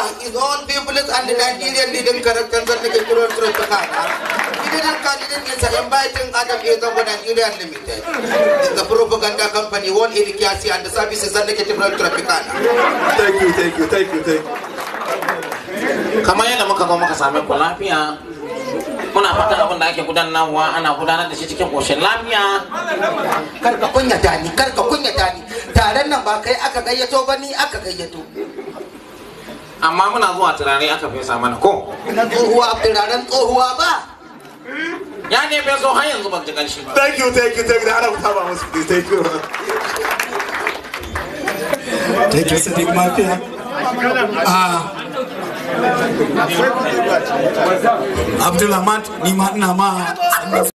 Allah is all people and the Nigerian leading correct and the control through the He didn't call it in candidately inviting Adam is over Nigerian Limited. It's The propaganda company won Irikasi and the services and the through the Tropicana. Thank you, thank you, thank you, thank you. Kamar yadda muka ga muka same ku lafiya muna fata abin da ake wa ana gudanar da oh, shi cikin koshin lafiya karka kunya tani karka kunya dani. taron nan ba kai aka gayyato ba ni aka gayyato amma muna zuwa turare aka fesa mana ko na tsohuwa turaren tsohuwa ba ya ne bai zo har yanzu ban ji kanshi ba thank you thank you thank you Ada apa kuta ba please thank you thank you sadiq mafiya ah Abdul ni ma ina